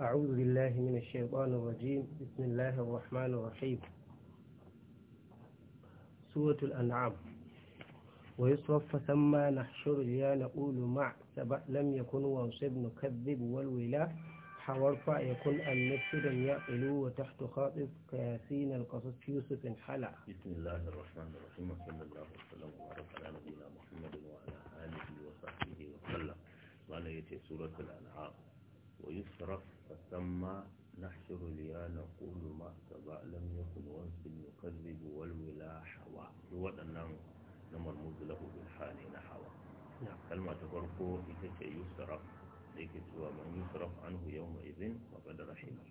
أعوذ بالله من الشيطان الرجيم بسم الله الرحمن الرحيم سورة الأنعام ويصرف فثم نحشر يا نقول مع سبع لم يكن وانصب نكذب والولا حورفع يكون أن نفسد يعقلوا وتحت خاطف كياسين القصص يوسف حلع بسم الله الرحمن الرحيم وصلى الله وسلم وبارك على نبينا محمد وعلى آله وصحبه وسلم وعلى يتي آية سورة الأنعام ويصرف فثم نحشر ليا نقول ما سبا لم يكن وانس يكذب والولا حوا waɗannan na marmuzu lahu bil hali na hawa kalma ta farko ita ce yusraf da yake cewa man yusraf anhu yawma idhin wa qad rahima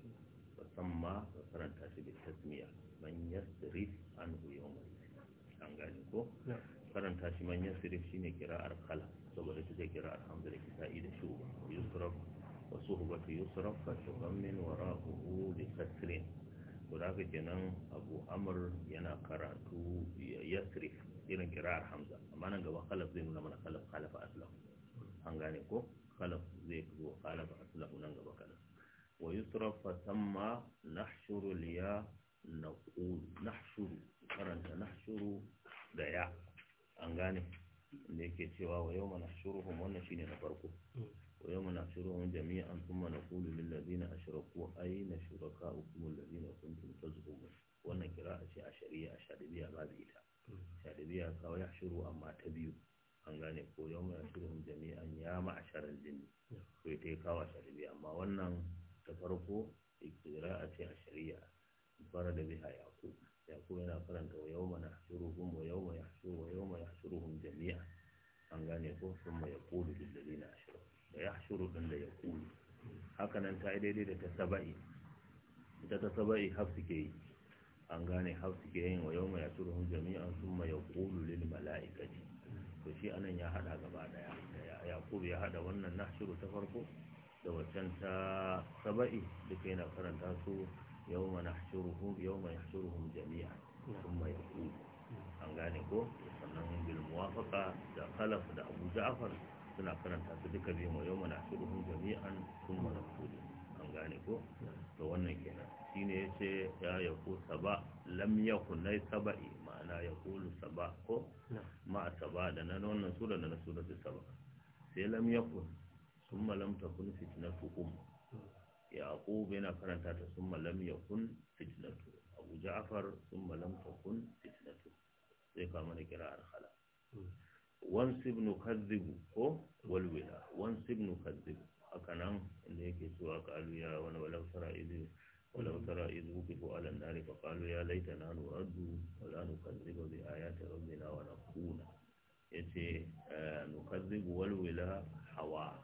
wa samma wa shi bil tasmiya man yasrif anhu yawma idhin an gane ko shi man shine kira'ar kala saboda ita ce kira'ar kisa'i da wasuhubatu yusra fa tuhammin wa rahu bi kasri to da ke nan abu amr yana karatu yasrif irin kirar hamza amma nan gaba khalaf zai nuna mana khalaf khalaf an gane ko khalaf zai zo khalaf aslam nan gaba kana wa yusra fa thamma nahshuru liya naqul da ya an gane ne ke cewa wayo mana shuruhu wannan shine na farko ويوم نحشرهم جميعا ثم نقول للذين أشركوا أين شركاؤكم الذين كنتم تزعمون wannan kira'a ce a shari'a a shari'a babu ita shari'a kawai shiru amma ta biyu an gane ko yau mai shirin jami'an ya ma'asharar jini ko ita ya kawo shari'a amma wannan ta farko a ce a shari'a fara da biha yaku yaku yana faranta wa yau mana jami'a an gane ko sun mai na ashirin da ya shuru ɗin da ya kulu hakanan ta yi daidai da ta saba'i ita ta saba'i haf suke yi an gane haf suke yin wa yau mai ya shuru jami'an sun ma ya kulu lil mala'ikati to shi anan ya haɗa gaba ɗaya Yakubu ya haɗa wannan na shuru ta farko da waccan ta saba'i duka yana karanta su yau mai na shuru jami'a sun ma ya kulu an gane ko sannan bil muwafaqa da khalaf da abu ja'far suna karanta su duka biyu mu yau mana shiruhun jami'an sun mana kudu an gane ko to wannan kenan shi ne ya ce ya yaku saba lam na nai saba'i ma'ana ya kulu saba ko ma'a saba da na wannan sura da na sura su saba sai lam ku sun malam ta kun fitnatuhum bai na karanta ta sun malam fitina su abu ja'far sun malam ta kun su sai kama na kira alhala hmm. wansu ibn kadhibu ko walwila wansu ibn kadhibu haka nan inda yake cewa kalu ya wani walau tara izu walau tara izu wukifu ala nari fa kalu ya laita na nuraddu wala nukadhibu bi ayati rabbina wa nakuna yace eh, nukadhibu walwila hawa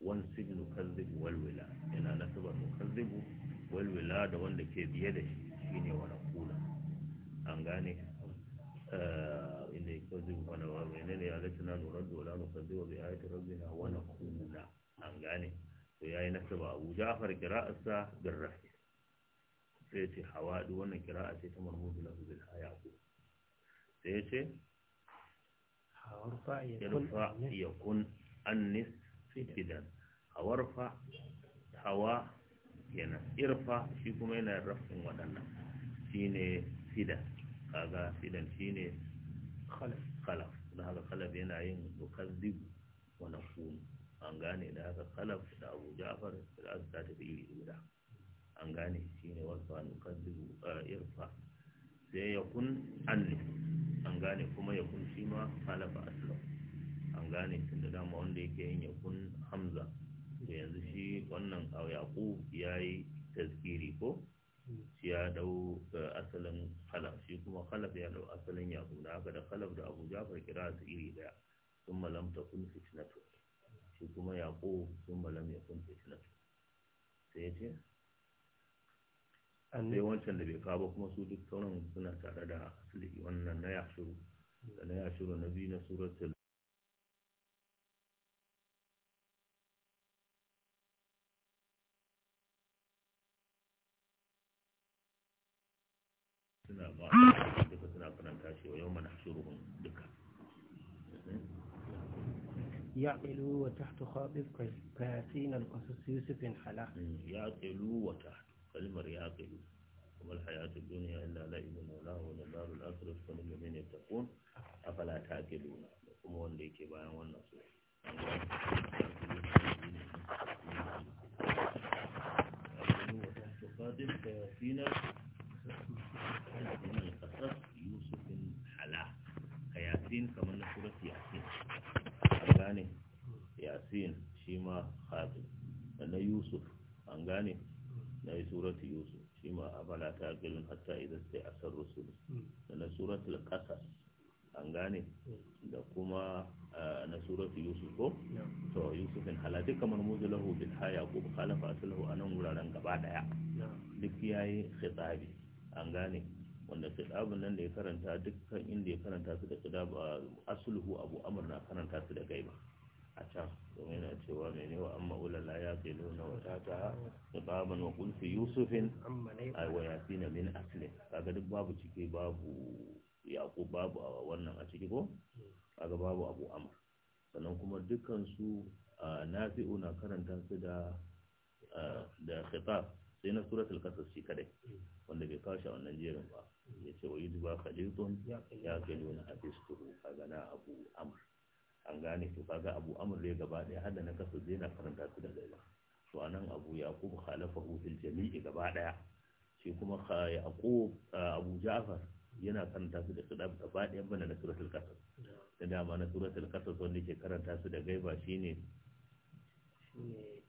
wansu ibn kadhibu walwila Ina nasaba nukadhibu walwila da wanda ke biye da shi shine wa nakuna an gane eh, ya ko zai wani wa menene ya lati na lura dola mu zuwa wa ta rabbi na wani kuna an gane to ya yayi nasaba Abu Ja'far qira'atsa bin rafi sai ce hawadu wannan qira'a ce ta marmudu lahu haya ko sai ya ce hawarfa yakun nis fikidan hawarfa hawa yana irfa shi kuma yana rafin waɗannan shine fidan kaga fidan shine khalaf da haka khalaf yana yin dubu Wani kunu an gane da haka khalaf da Abu Ja'far da aka ta tafi iri guda an gane shi ne wasu dubu a eh, irfa sai ya kun annu an gane kuma ya kun shi ma a aslam an gane da dama wanda yake yin ya kun hamza to yanzu shi wannan ya yi tazkiri ko ya dau eh, asalin khalaf shi kuma khalaf ya dau asalin yahuda haka da khalaf da abu jafar kira su iri daya sun malam ta kun fitnatu shi kuma yaƙo sun malam ya kun fitnatu sai ya ce sai wancan da bai kawo kuma su duk sauran suna tare da asali wannan na yashuru da na yashuru na biyu na suratul duka suna karanta shi wa yau mana shiruhun duka ya'qilu wa tahtu khatib kayasin al-qasas yusuf hala ya'qilu wa tahtu kalmar ya'qilu وما الحياة الدنيا إلا لعب ولهو ولدار الآخرة فمن الذين يتقون أفلا تعقلون kuma wanda yake bayan wannan su Thank you. yana min al-qasas yusufin yasin kamar na surat yasin an gane yasin shi ma khatim na yusuf an gane na surat yusuf shi ma abala ta gilin hatta idan sai asar rusul na surat al-qasas an gane da kuma na surat yusuf ko to yusufin hala duka marmuzu lahu bil haya ko khalafa aslahu anan wuraren gaba daya duk yayi khitabi an gane wanda kitabun nan da ya karanta dukkan inda ya karanta su da kitab asluhu abu amr na karanta su da gaiba a can domin yana cewa mene wa amma ulala ya ke nuna wa ta kitaban wa kulfi yusufin a wa na min asli kaga duk babu ciki babu yaqub babu a wannan a ciki ko kaga babu abu amr sannan kuma dukkan su nafi'u na karanta su da da khitab sai na suratul qasas shi kadai wanda bai kashi a wannan jerin ba ya ce wa yi zuba khalidun ya kailu a hafistuhu a gana abu amur an gane to kaga abu amur ne gaba daya hada na kasa zai na karanta su da gaba to nan abu yaqub khalafahu fil jami'i gaba ɗaya shi kuma yaqub abu ja'far yana karanta su da sadab gaba daya bana na suratul qasas da dama na suratul qasas wanda ke karanta su da gaiba shine shine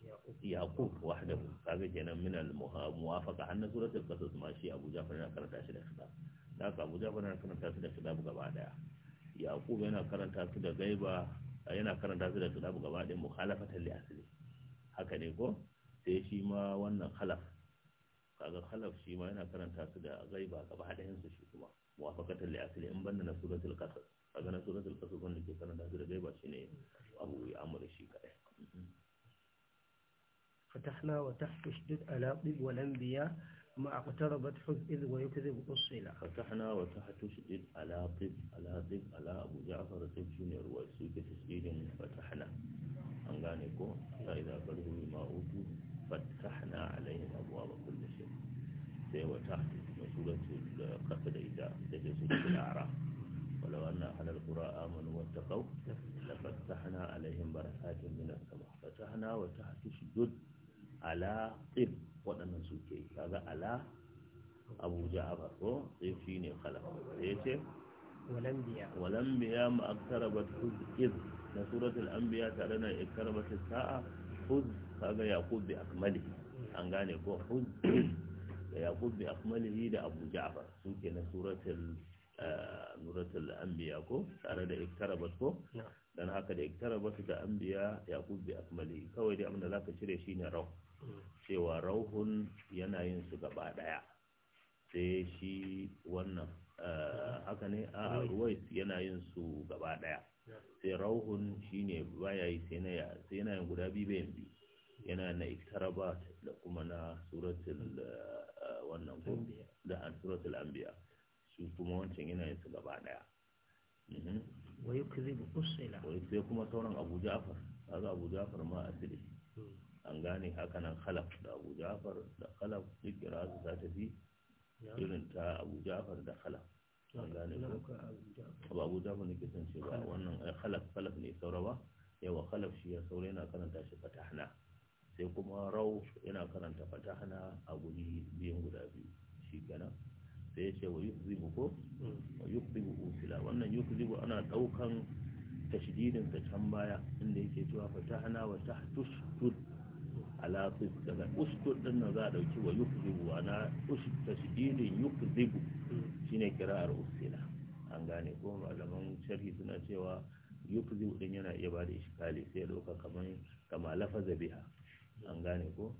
yaqub wahdahu kaga kenan min al muwafaqa surat al qasas ma shi abu jafar yana karanta shi da kitab da ka abu jafar yana karanta shi da kitab gaba daya yaqub yana karanta shi da gaiba yana karanta shi da kitab gaba daya mukhalafatan li asli haka ne ko sai shi ma wannan khalaf kaga khalaf shi ma yana karanta shi da gaiba gaba dayan su shi kuma muwafaqatan li asli in banda na al qasas kaga na surat al qasas wanda ke karanta shi da gaiba shine abu amr shi kadai فتحنا وتحت اشدد ألاقب والأنبياء ما اقتربت حب إذ ويكذب أصلا فتحنا وتحت اشدد ألاقب ألاقب ألا أبو جعفر طب جونيور وسيك تسجيل فتحنا أن غانيكو فإذا بلغوا ما أوتوا فتحنا عليهم أبواب كل شيء سي وتحت مسورة القتل إذا تجد سورة الأعراف ولو أن أهل القرى آمنوا واتقوا لفتحنا عليهم بركات من السماء فتحنا وتحت شدد ala tsib waɗannan suke kaga ala abu ja'afar ko sai shine ne khalaf da ya ce walambiya ma aktarabat huzkiz na suratul anbiya tare na iktarabat sa'a huz kaga yaqub bi akmalihi an gane ko huz da yaqub bi akmalihi da abu ja'far suke na suratul nuratul anbiya ko tare da iktarabat ko dan haka da iktarabat da anbiya yaqub bi akmali kawai dai abinda zaka cire shine rauh cewa rauhun yana yin su gaba daya sai shi wannan haka ne a ruwais yana yin su gaba daya sai rauhun shine baya yi sai na sai yana yin guda biyu bayan bi. yana na iktarabat da kuma na suratul wannan ko da suratul anbiya su kuma wancan yana yin su gaba daya mhm. wai kuzibu usila wai sai kuma sauran abu ja'far kaga abu ja'far ma asiri hmm. an gane haka nan khalaf da abu ja'far da khalaf duk kira su ta fi irin ta abu ja'far da khalaf an gane ko ba abu ja'far ne ke san ba wannan eh, khalaf khalaf ne saurawa yawa khalaf shi ya saura yana karanta shi fatahna sai kuma rau yana karanta fatahna a guri biyan guda biyu shi kenan sai ya ce wa yukzibu ko hmm. wa yukzibu usila wannan yukzibu ana daukan tashdidin ta can baya inda yake cewa fatahna wa tahtusud ala tus daga ustud din nan za a dauki wa yukzibu ana ush tashdidin yukzibu hmm. shine kirar usila an gane ko malaman sharhi suna cewa yukzibu din yana iya bada iskali sai ya dauka kamar kama lafaza biha an gane ko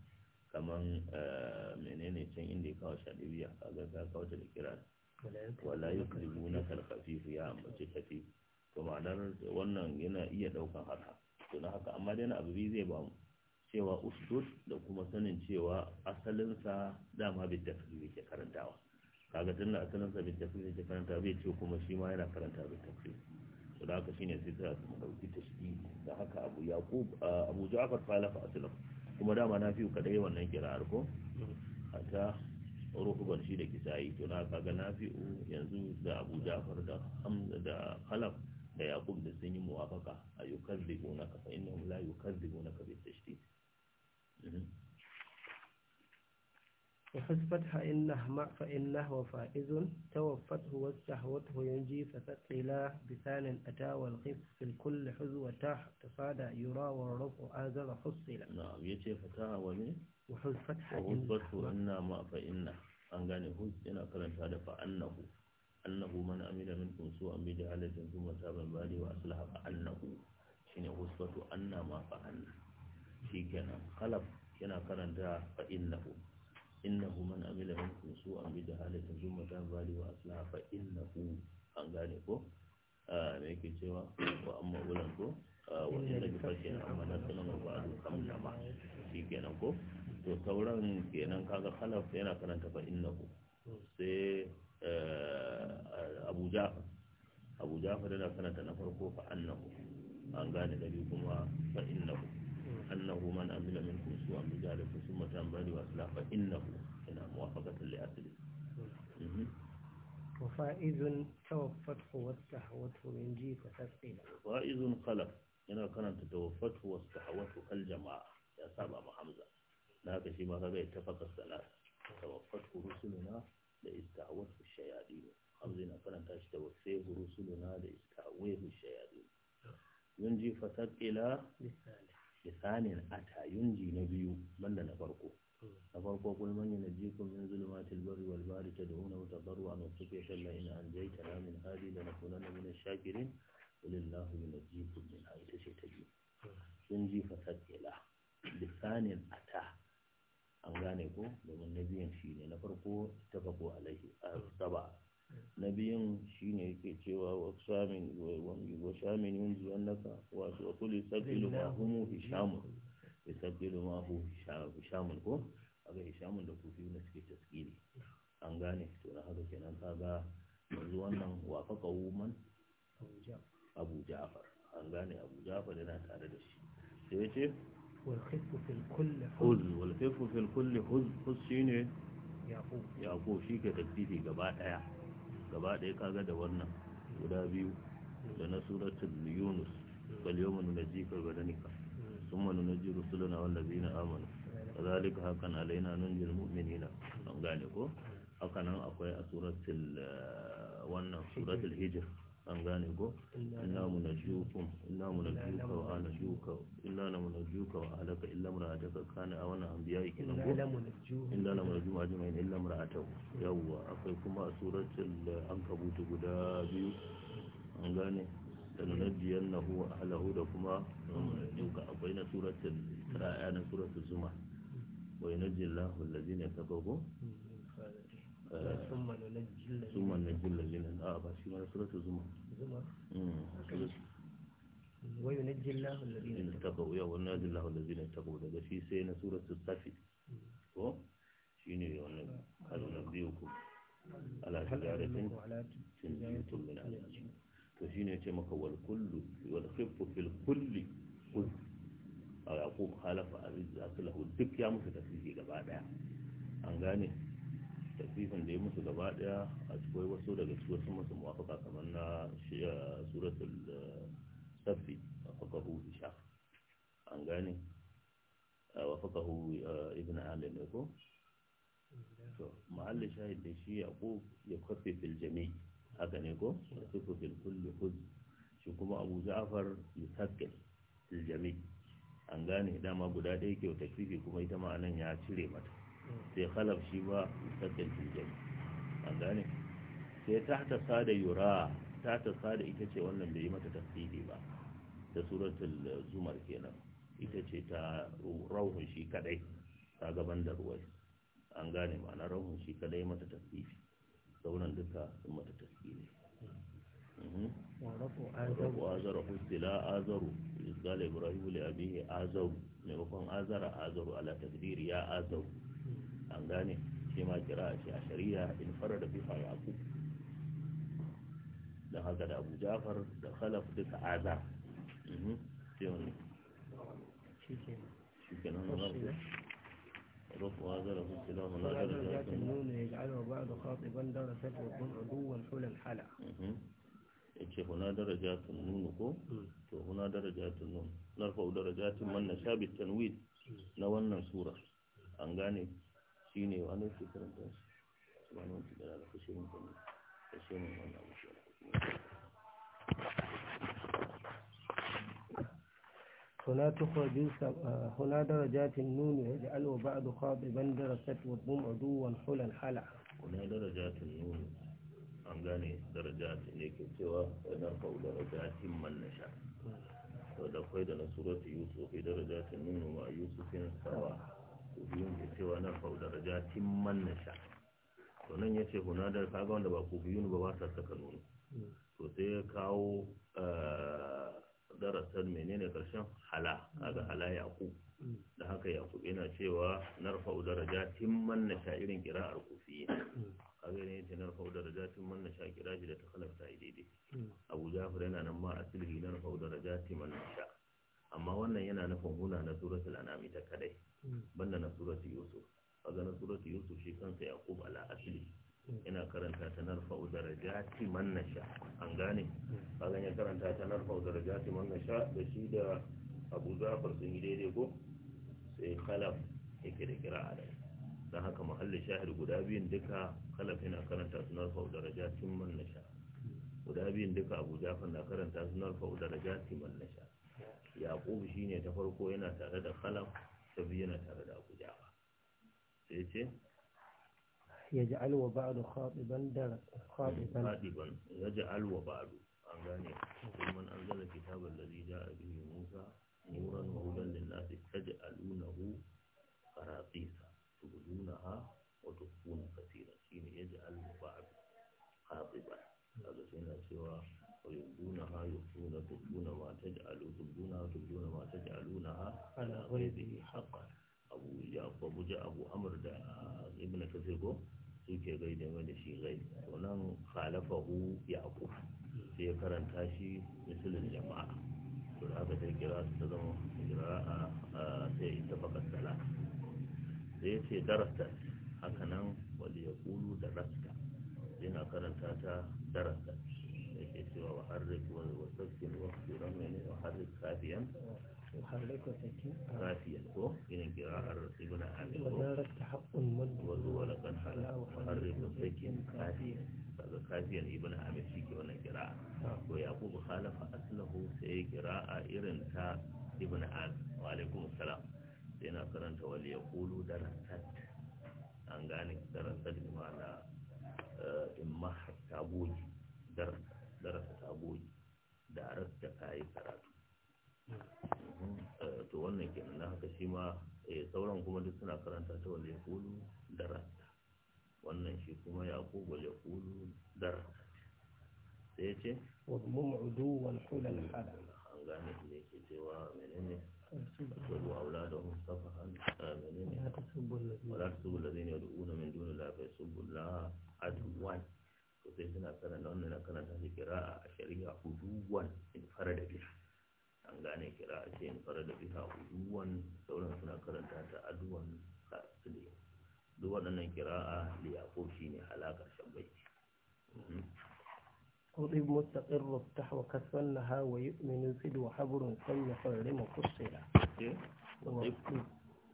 kaman eh, menene can inda ya kawo shadibiya kaga ka kawo da kira wala yukribu na kalkafifu ya ambace kafi to ma'anar wannan yana iya daukan haka to na haka amma dai na abu biyu zai bamu cewa ustud da kuma sanin cewa asalinsa dama bai tafsiri ke karantawa kaga tunda asalinsa bai tafsiri ke karanta bai ce kuma shi ma yana karanta bai tafsiri to da haka shine sai ta dauki tashdi da haka abu yaqub eh, abu ja'far falafa kuma dama na fi kaɗai wannan kirar ko hatta ruhubar shi da kisayi to na kaga na fi yanzu da abu jafar da hamza da halaf da yakub da sun yi muwafaka a yukazzibunaka fa innahum la yukazzibunaka bi tashi mhm. اخسفتها إنه مع فإنه فائز توفته واستهوته ينجي فثقلا بثان أتى والخف في الكل حزوة تاح تصادى يرى والرفع آزر حصلا نعم يتي فتاها ومن وحزفتها وحزفته إنه مع فإنه أنغاني حز إن أكرم هذا فأنه أنه من أمل منكم سوءا بجعلة ثم تاب بالي وأصلح فأنه شين حزفته أنه ما فأنه شيكنا خلف yana karanta fa innahu innahu man amila minkum su'an bi jahalatin thumma bali wa aslaha fa innahu an gane ko me yake cewa wa amma ulan ko wa inna bi fatin amma na sanan ba adu kam sama shi kenan ko to sauran kenan kaga khalaf yana karanta fa innahu sai abu ja'far abu ja'far yana karanta na farko fa annahu an gane da kuma fa innahu أنه من عمل منكم سوءا بذلك ثم تنبه وأصلح فإنه هنا موافقة لأصله وفائز توفته واستحوته ينجيك تسقيلا فائز خلف هنا كانت توفته واستحوته الجماعة يا سابع محمزة هناك شيء ما كان اتفق الثلاثة توفته رسلنا لاستعوته الشيادين حمزنا كانت توفته رسلنا لاستعويه الشيادين ينجي فتسقيلا بالثالث lisanin ata yunji na biyu banda na farko na farko kuma man yana jikun min zulumatil dauna wata baro a masu tadarruan wa khufyatan la in anjaytana min hadi la nakunanna min ash-shakirin walillahu ta min haythu shaytan yunji fa sakila lisanin ata an gane ko domin na biyan shi ne na farko ta tafako alaihi saba na biyun shine yake cewa wa shamin wa shamin yunji annaka wato wa kulli sabbilu ma humu hishamu yasabbilu ma hu hishamun ko aga hishamun da kufi na suke taskiri an gane to na haka kenan kaga yanzu wannan wafaka woman abu ja'far an gane abu ja'far yana tare da shi sai ya ce والخف في kulle حز ne ya ko shi ke tafsiri gaba daya gaba ɗaya kaga da wannan guda biyu da na suratul yunus bal yawma na bi badanika thumma nunajji rusulana wal ladina amanu kadhalika hakan alaina nunjil mu'minina an gane ko haka akwai a suratul eh, wannan suratul hijr an gane ko inna munajjukum inna munajjuka wa anajjuka inna na juka wa alaka illa mura'ataka kana a wannan anbiya yake na ko inna na munajjum ajma'in illa mura'atahu yawwa akwai kuma a suratul ankabut guda biyu an gane da na huwa ahlahu da kuma juka um, akwai na suratul ra'a na suratul zuma wa ne allazina kafaru hmm. summa na jilla linan a ba shi ma suratu zuma mm, wayo na jilla lalzina ta kawo yawon na jilla lalzina ta kawo daga shi sai na suratu safi mm. ko shi ne wannan halunan biyu ku ala tijaratin tunzitun min alaji to shi ne ce maka wal kullu wal khiffu fil kulli kul a yaqub halafa aziz asalahu duk ya musu tafiye gaba daya an gane tasbihin da ya musu gaba daya a cikin wasu daga cikin sun musu muwafaka kamar na eh, suratul eh, safi a fakahu isha an gane a eh, wafakahu ibn alim ne ko to mahalli shahid da shi yaqub ya kafe fil jami haka ne ko ya kafe fil kulli khuz shi kuma abu ja'far ya sakke fil jami an gane dama guda ɗaya ke tafifi kuma ita ma'anan ya cire mata sai khalaf shi ba musaddal fil an gane sai ta sada yura ta ta sada ita ce wannan bai yi mata tafsiri ba da suratul zumar kenan ita ce ta rauhun shi kadai ta gaban da ruwai an gane ma'ana rauhun shi kadai mata tafsiri sauran duka sun mata tafsiri mhm. rafu azaru hustila azaru izgala ibrahimu li abihi azaru maimakon azara azaru ala tadbir ya azaru an gane shi ma kira shi a shari'a in farada biha yaqub da haka da Abu Ja'far da Khalaf duka azab mhm sai wannan shi ke shi ke nan ba رفع هذا له السلام لا درجات النون يجعله بعد خاطبا درست وكن عدوا حول الحلع yace huna darajatun nun ko to huna darajatun nun narfa darajatun man nasha bi tanwid na wannan sura an gane شيني وانا الفكر انت سبحان وانت دلالة خشير انت خشير انت وانا ابو شير هنا تخرج هنا درجات النون يجعل بعض خاض بندر ست وضم عدو وانحل الحلع هنا درجات النون أمغاني درجات إليك سوى ونرفع درجات من نشاء ودخل إلى سورة يوسف في درجات النون ويوسف في السواح kufiyun da cewa na fa'u darajatin man sha to nan yace da kaga wanda ba biyun ba ba sa saka nuni to sai ya kawo eh, darasar menene karshen hala kaga hala ya ku. da haka ya ku yana cewa narfa'u darajatin man sha irin qira'ar kufiyyin kaga ne yace narfa'u darajatin man kira qira'a da ta khalafta daidai abu jafar yana nan ma asili narfa'u darajatin man sha. amma wannan yana nufin huna na suratul an'am ta kadai banda na suratul yusuf kaga na suratul yusuf shi kansa yaqub ala asli yana karanta ta narfa darajati man nasha an gane kaga ya karanta ta narfa darajati man nasha da shi da Abu Zafar sun yi daidai ko sai khalaf yake da a da don haka mahalli shahir guda biyun duka khalaf yana karanta su narfa darajati man nasha guda biyun duka Abu Zafar na karanta su narfa darajati man nasha shi shine ta farko yana tare da khalaf ta biyu yana tare da abu jafa sai ce yaj'al wa wa ba'du an gane kuma an zala da ladhi a bihi musa nuran wa hudan lin nas taj'alunahu qaratisa tubudunaha wa tukuna katira shine yaj'al wa ba'du khatiban kaga sai na cewa ويبدونها يخفون تبدون ما تجعلون تبدونها تبدون ما تجعلونها على غيره حقا أبو جعفر جاء أبو عمرو دا ابن كثير suke gai da da shi gai to nan khalafahu yaqub sai ya karanta shi misalin jama'a to da haka kira su ta zama kira'a sai ita fakat sala sai ce darasta haka nan ya kulu da rasta yana karanta ta darasta yake cewa wa harrik wa sakin wa kiran وحرك وسكن راسيا كو إن قراءة ابن عامر وزارت حق مد وزو لك حلا وحرك وسكن راسيا هذا راسيا ابن عامر شيك وانا قراءة ويعقوب خالف أصله سي قراءة إرن تا ابن عامر وعليكم السلام سينا قرنت وليقولوا درست أنغاني درست بمعنى إما حتى أبوي درست darasa ta goyi da a rasta ta yi karatu eh, to wannan kenan na haka shi ma eh, sauran kuma duk suna karanta ta wanda ya kulu da rasta wannan shi kuma ya kogo ya kulu da rasta sai ya ce wadmum ma'udu Wani hulal hada an gane da ke cewa menene Wani aula da wani safa an eh, menene wadda una min duni sai suna karanta wannan kana ta kira'a a shari'a huduwan in fara da biha an gane a ce in fara da biha huduwan sauran suna karanta ta aduwan kasile duk waɗannan kira'a da yaƙo shi ne halakar shabbai أضيب مستقر افتح وكسر لها ويؤمن sanya وحبر ثم فرم فصلا أضيب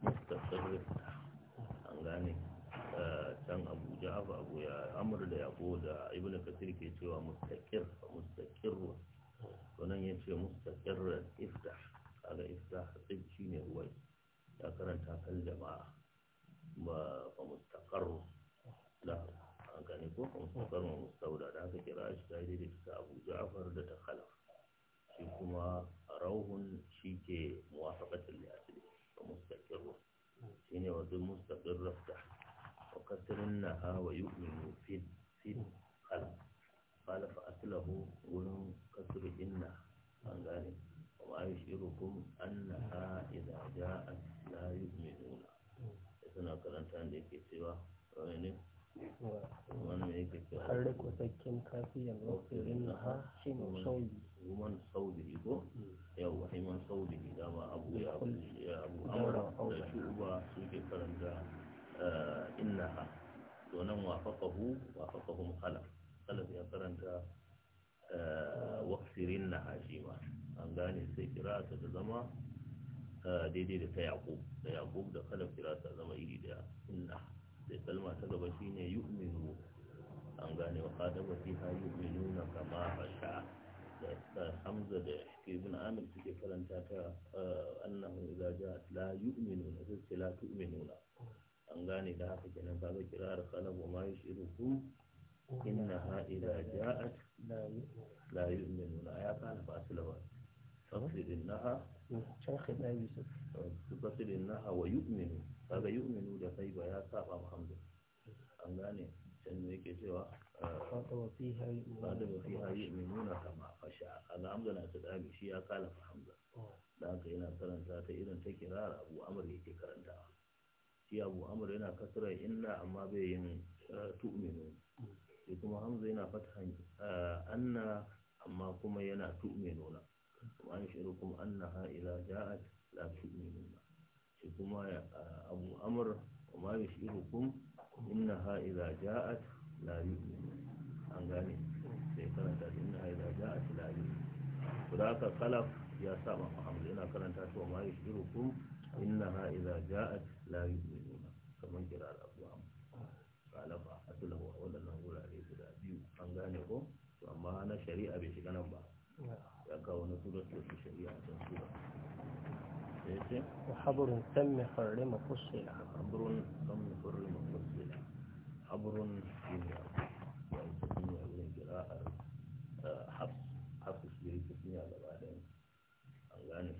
مستقر an gane can abu ja'afa abu ya amur da yabo da ibn kasir ke cewa mustaqir mustaqirru to nan ya ce mustaqirran iftah kaga iftah tsib shine ruwai ya karanta kan jama'a ba ba mustaqarru la an gane ko fa mustaqarru mustawda da aka kira shi da daidai da abu ja'far da ta shi kuma rauhun shi ke muwafaqatul li ba fa mustaqirru shine wa dun mustaqirru iftah فقدرنها ويؤمن في في الخلق قال فأصله ولن قدر إنها عن ذلك وما يشعركم أنها إذا جاءت لا يؤمنون إذن أقرأت عن ذلك سوى وإنه حرك وسكن كافيا وفرنها حين صوبه ومن صوبه هو يو حين صوبه دام أبو يا أبو أمر شعبة سوء كرنجا innaha to nan wafaqahu wafaqahum khalaf khalaf ya karanta waqsirin na hashima an gane sai kira ta zama daidai da ta yaqub da yaqub da khalaf kira ta zama iri da inna sai kalma ta gaba shine yu'minu an gane wa qada wa fiha yu'minuna kama basha da hamza da ibn amir suke karanta ta annahu idza ja'at la yu'minuna sai la tu'minuna an gane da haka kenan kaga kirar kalabu ma inna ha ila ja'at la yu'minuna ya kana fa aslaba tafsir shaykh da yi yusuf tafsir ha wa yu'minu kaga yu'minu da kai ba ya saba muhammad an gane can ne yake cewa fatawa fiha yu'minuna fiha yu'minuna kama fasha kaga hamza na ta dami shi ya kala muhammad da haka yana karanta ta irin ta kirar abu amr yake shi abu amur yana kasara inna amma bai yin eh, tu'minu sai kuma hamza yana fata eh, anna amma kuma yana tu'minu na kuma an shiru kuma ha ila ja'at la tu'minu na shi kuma eh, abu amur kuma ya shiru kum innaha ila ja'at la yu'minu an gane sai karanta ila ja'at la yu'minu kudaka kalaf ya saba hamza yana karanta shi wa ma ya shiru kum ila ja'at la yu'minu kamar jira al'abuwa galafa asulahu a waɗannan wurare guda biyu an gane ko to amma na shari'a bai shiga nan ba ya kawo na surar da su shari'a a can sura وحبر تم حرم فصلا حبر تم حرم فصلا حبر جميع وإنسانية من الجراءة حفص حفص بيكتنية على بعدين أغاني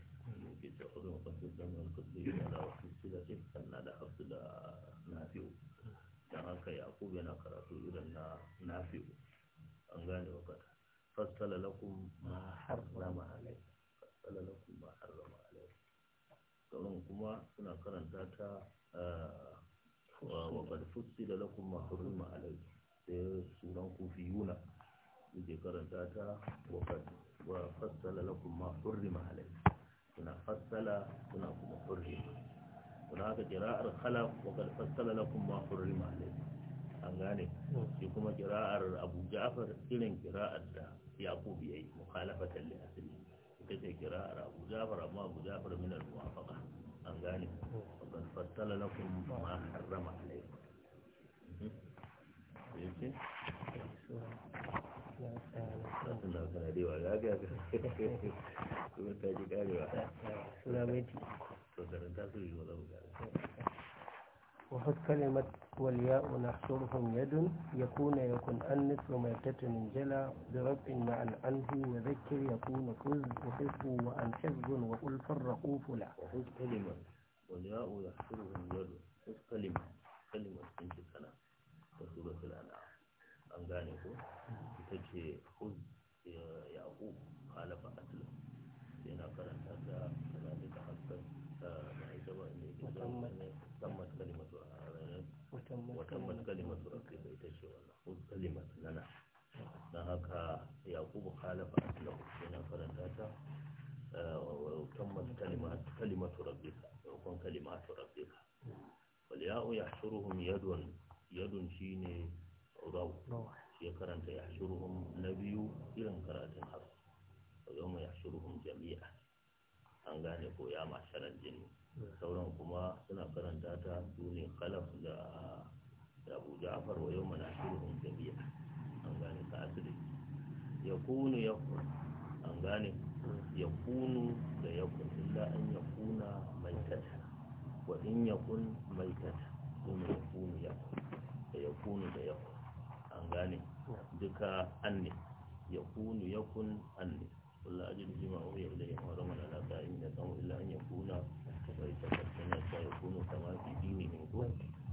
يمكن تأخذ مقصد من القصد على وقت السلسة أن هذا حفص yana karatu irin na nafi an gane wakata fassala lakum ma harrama alai fassala lakum ma harrama alai kamar kuma suna karanta ta eh, wa qad fussila lakum ma harrama alaikum sai suran kufiyuna yake karanta ta wa qad wa fassala lakum ma harrama alai suna fasala suna kuma harrama kuna haka kira'ar khalaq wa qad fassala lakum ma harrama alaikum an gane hmm. shi kuma kira'ar abu ja'far irin kira'ar da yaqub yayi mukhalafatan li asli ita ce kira'ar abu ja'far amma abu ja'far min al muwafaqa an gane hmm. qad fassala lakum ma harrama alaykum hmm? yace وخذ كلمة والياء نحصرهم يد يكون يكن أنس وميتة من جلا برفع مع الأنف وذكر يكون كز وحفظ وأن حفظ وقل فرقوا فلا وخذ كلمة والياء يحصرهم يد خذ كلمة كلمة تنجي كلام وسورة الأنعام أنغانيكو تجي su aka yi ita ce wannan ko kalima lana Na haka yaqubu khalafa lahu na faranta ta wa eh, tammat kalimat kalimatu kalima su kalimatu ka wal ya'u yahshuruhum yadun yadun shine raw ya karanta na biyu irin karatun yau wa ya shuruhun jami'a an gane ko ya masharar jinni hmm. sauran kuma suna karanta ta duni khalaf da da abu ja'far wa yawma nashuruhum jami'a an gane ka kunu ya yakun an gane kunu da ya kun. illa an mai tata wa in ya kun yakun maitata kuma ya yakun da kunu da ya kun. an gane duka an ne Ya kunu ya kun an ne a ولا أجد فيما أوحي ya kuna على كائن يدعو إلا ya kunu ويتكفن يكون ne في دينهم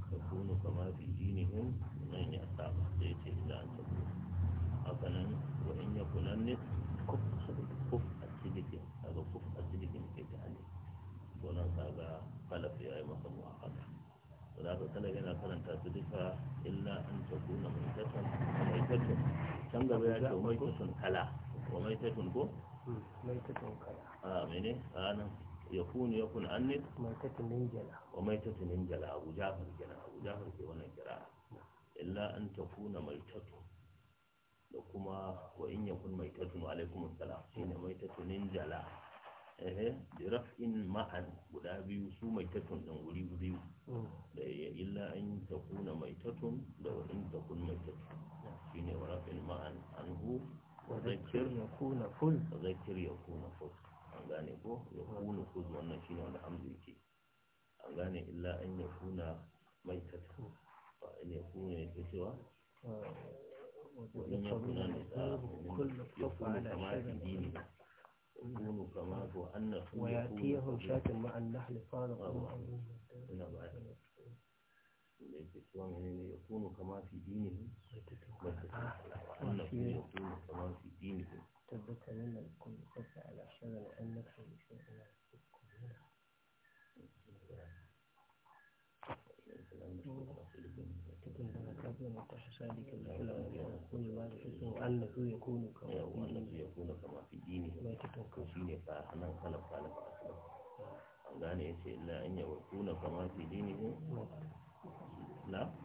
takunu kama fi dinihim man ya saba sai ce illa an takunu haka nan wa in ya kunan ne kuf a cikin kaga kuf a cikin ke ta ne Ko nan kaga kalafi ya yi masa muwafaka to da haka talab yana karanta su duka illa an takuna mai tasan mai tasan can gaba ya ce mai tasan kala wa mai tasan ko mai tasan kala a mene a nan يكون يكون أنك ميتة جلا وميتة جلا أبو جعفر جلا أبو جعفر في وانا جلا إلا أن تكون ميتة لكما وإن يكون ميتة عليكم السلام حين ميتة جلا ehe da raf'in ma'an guda biyu su mai tatun ɗin wuri biyu da ya illa an ta kuna mai tatun da wa'in ta kun mai tatun shi wa raf'in ma'an an hu wa zakir ya kuna ful an gane ko ya kunu kuz wannan shine wanda hamza yake an gane illa an ya kuna mai tata ba an ya kuna ya cewa wannan ya kuna ne ta ya kuna kama dini يكون كما هو أن ويأتيهم شاة مع النحل صادق يكون كما في دينهم وأنه يكون كما في دينهم ثبت لنا الكل على أحسن أنك بشيء ذلك الكلام ولما تحسه أنه يكون كما وأنه يكون كما في دينه ما تتوقع شيء فأنا خلف خلف أسلم أن قال يسي إلا أن يكون كما في دينه لا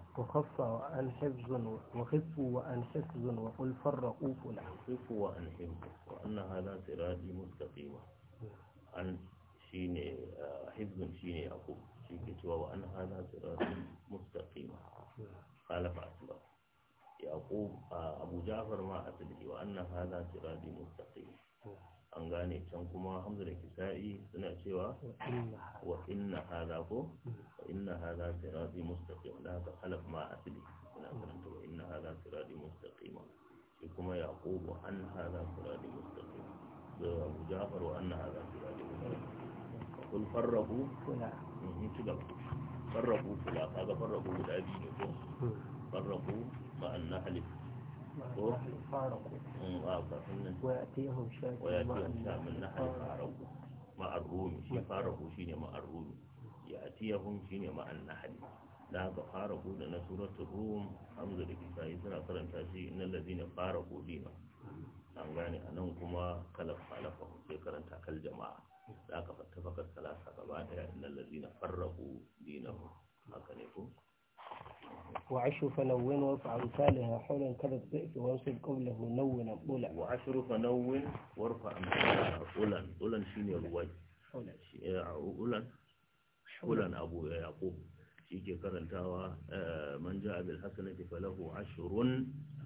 وخف وأن حفظ وخف وأن حفظ وقل فرقوا فلا خف وأن حفظ وأن هذا سرادي مستقيمة أن شيني حفظ شيني أخو كتوى وأن هذا سرادي مستقيمة قال أسباب يعقوب آه، أبو جعفر ما أتدري وأن هذا سرادي مستقيم an gane can kuma hamza da kisa'i suna cewa wa inna hada ko wa inna hada sirati mustaqim da haka halaf ma asli suna karanta wa inna hada sirati mustaqim shi kuma yaqub wa an hada sirati mustaqim da abu ja'far wa anna hada sirati mustaqim kul farrahu kula mm, in ci gaba farrahu kula kaga farrahu guda biyu ne ko hmm. farrahu ma'an nahlif ko ويأتيهم شاة من نحل فارق مع da aka faraku da na suratul rum hamza da kisa'i suna karanta shi innal ladina faraku dina an gane nan kuma kalaf falafa sai karanta kal jama'a da aka fattafakar salasa gaba daya innal ladina farraku dinahum haka ne ko وعشر فنون وارفع امثالها حولا كذا الضعف وانصب قبله نونا اولا وعشر فنون وارفع امثالها اولا اولا شيني الواي اولا اولا ابو يعقوب يجي كرنتاوا من جاء بالحسنة فله عشر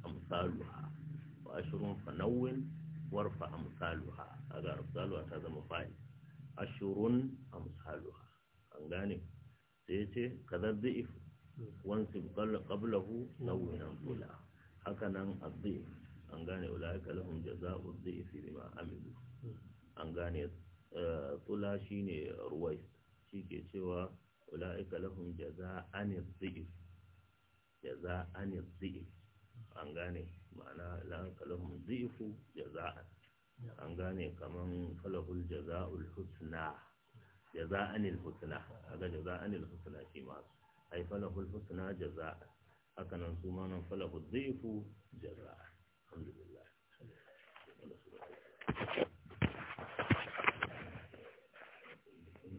امثالها وعشر فنون وارفع امثالها هذا امثالها هذا مفاعل عشر امثالها ان gane sai ya ce wansib na hmm. wuyan tula. haka nan azzi an gane ulaika a jazaa'u dhifi bima amilu hmm. an gane eh, tula ne ruwai Shi ke cewa ulaika lahum jazaa'an ne jazaa'an dhifi an gane ma'ana la'anka da za a an gane kaman falahul a husna da za a ne husna shi ma ai falahul husna jaza haka nan su ma nan falahul dhaifu jaza alhamdulillah